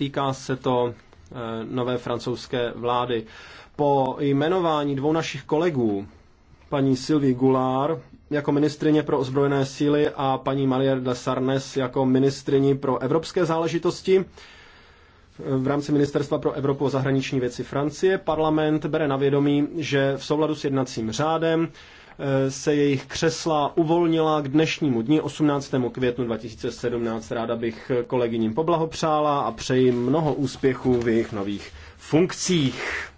Týká se to eh, nové francouzské vlády. Po jmenování dvou našich kolegů, paní Sylvie Goulard jako ministrině pro ozbrojené síly a paní Marie de Sarnes jako ministrině pro evropské záležitosti, eh, v rámci Ministerstva pro Evropu a zahraniční věci Francie parlament bere na vědomí, že v souladu s jednacím řádem Eh, se jejich křesla uvolnila k dnešnímu dni 18. květnu 2017. Ráda bych kolegyním poblahopřála a přeji mnoho úspěchů v jejich nových funkcích.